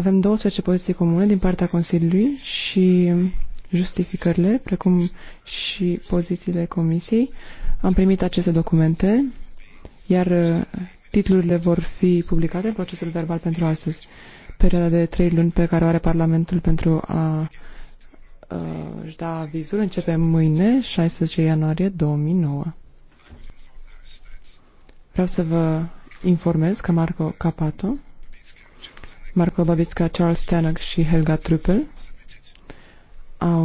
Avem 12 poziții comune din partea Consiliului și justificările, precum și pozițiile Comisiei. Am primit aceste documente, iar uh, titlurile vor fi publicate în procesul verbal pentru astăzi. Perioada de trei luni pe care o are Parlamentul pentru a uh, își da avizul începe mâine, 16 ianuarie 2009. Vreau să vă informez că Marco Capato Marko Babicka, Charles Tannock și Helga Trüppel au